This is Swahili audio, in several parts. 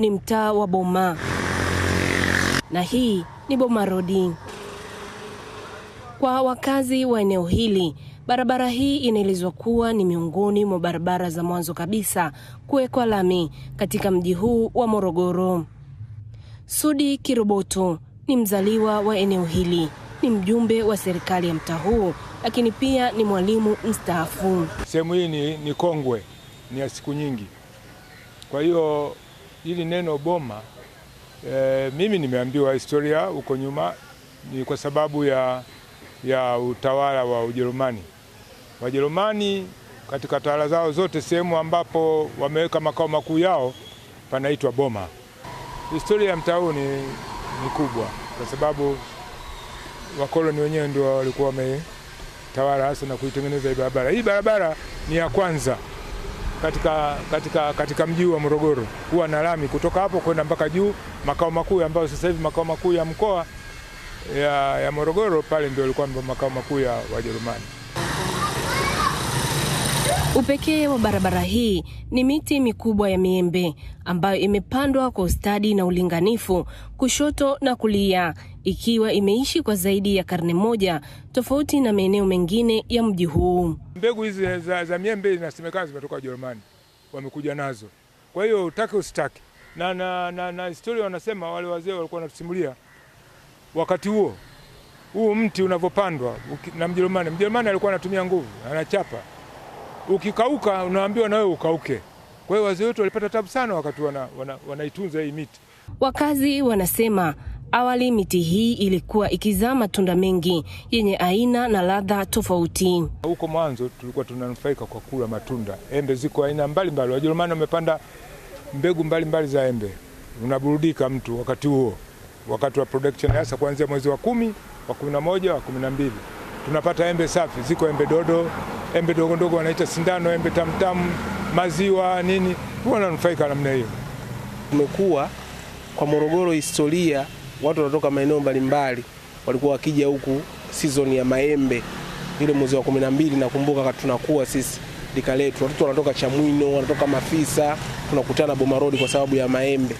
ni mtaa wa Boma na hii ni Boma Road. Kwa wakazi wa eneo hili, barabara hii inaelezwa kuwa ni miongoni mwa barabara za mwanzo kabisa kuwekwa lami katika mji huu wa Morogoro. Sudi Kiroboto ni mzaliwa wa eneo hili, ni mjumbe wa serikali ya mtaa huu, lakini pia ni mwalimu mstaafu. Sehemu hii ni, ni kongwe, ni ya siku nyingi, kwa hiyo hili neno boma e, mimi nimeambiwa historia huko nyuma ni kwa sababu ya, ya utawala wa Ujerumani. Wajerumani katika tawala zao zote, sehemu ambapo wameweka makao makuu yao panaitwa boma. Historia ya mtaa huu ni, ni kubwa kwa sababu wakoloni wenyewe ndio walikuwa wametawala hasa na kuitengeneza hii barabara. Hii barabara ni ya kwanza katika, katika, katika mji wa Morogoro kuwa na lami kutoka hapo kwenda mpaka juu makao makuu ambayo sasa hivi makao makuu ya mkoa ya, ya Morogoro pale ndio ilikuwa makao makuu ya Wajerumani. Upekee wa barabara hii ni miti mikubwa ya miembe ambayo imepandwa kwa ustadi na ulinganifu kushoto na kulia, ikiwa imeishi kwa zaidi ya karne moja, tofauti na maeneo mengine ya mji huu. Mbegu hizi za, za miembe zinasemekana zimetoka Ujerumani, wamekuja nazo. Kwa hiyo utake usitake, na, na, na, na historia wanasema wale wazee walikuwa wanatusimulia wakati huo huu mti unavyopandwa na Mjerumani. Mjerumani alikuwa anatumia nguvu, anachapa ukikauka unaambiwa nawe ukauke. Kwa hiyo wazee wetu walipata tabu sana wakati wanaitunza wana, wana hii miti. Wakazi wanasema awali miti hii ilikuwa ikizaa matunda mengi yenye aina na ladha tofauti. Huko mwanzo tulikuwa tunanufaika kwa kula matunda. Embe ziko aina mbalimbali, Wajerumani wamepanda mbegu mbalimbali mbali za embe. Unaburudika mtu wakati huo, wakati wa production, hasa kuanzia mwezi wa kumi, wa kumi na moja, wa kumi na mbili tunapata embe safi. Ziko embe dodo, embe dogo ndogo wanaita sindano, embe tamtamu, maziwa nini, huwa wananufaika namna hiyo. tumekuwa kwa Morogoro historia, watu wanatoka maeneo mbalimbali walikuwa wakija huku season ya maembe, ile mwezi wa kumi na mbili nakumbuka tunakuwa sisi dika letu, watoto wanatoka Chamwino, wanatoka Mafisa, tunakutana bomarodi kwa sababu ya maembe.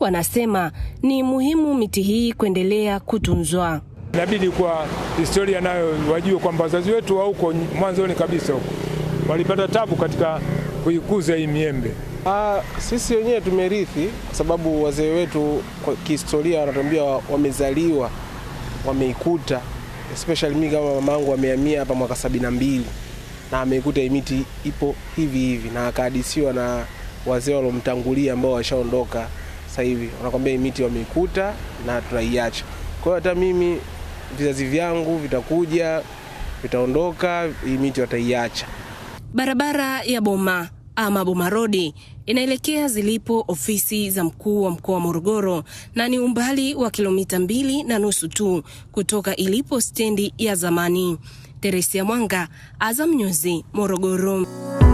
Wanasema ni muhimu miti hii kuendelea kutunzwa inabidi kwa historia nayo wajue kwamba wazazi wetu wa huko mwanzoni kabisa huko walipata tabu katika kuikuza hii miembe. Aa, ah, sisi wenyewe tumerithi kwa sababu wazee wetu kwa kihistoria wanatuambia wamezaliwa wameikuta, especially mimi kama mamangu amehamia hapa mwaka sabini na mbili na ameikuta hii miti ipo hivi hivi, na akahadisiwa na wazee walomtangulia ambao washaondoka sasa hivi, wanakwambia hii miti wameikuta na tunaiacha. Kwa hiyo hata mimi vizazi vyangu vitakuja, vitaondoka, hii miti wataiacha. Barabara ya Boma ama Boma Rodi inaelekea zilipo ofisi za mkuu wa mkoa wa Morogoro na ni umbali wa kilomita mbili na nusu tu kutoka ilipo stendi ya zamani. Teresia Mwanga, Azam Nyuzi, Morogoro.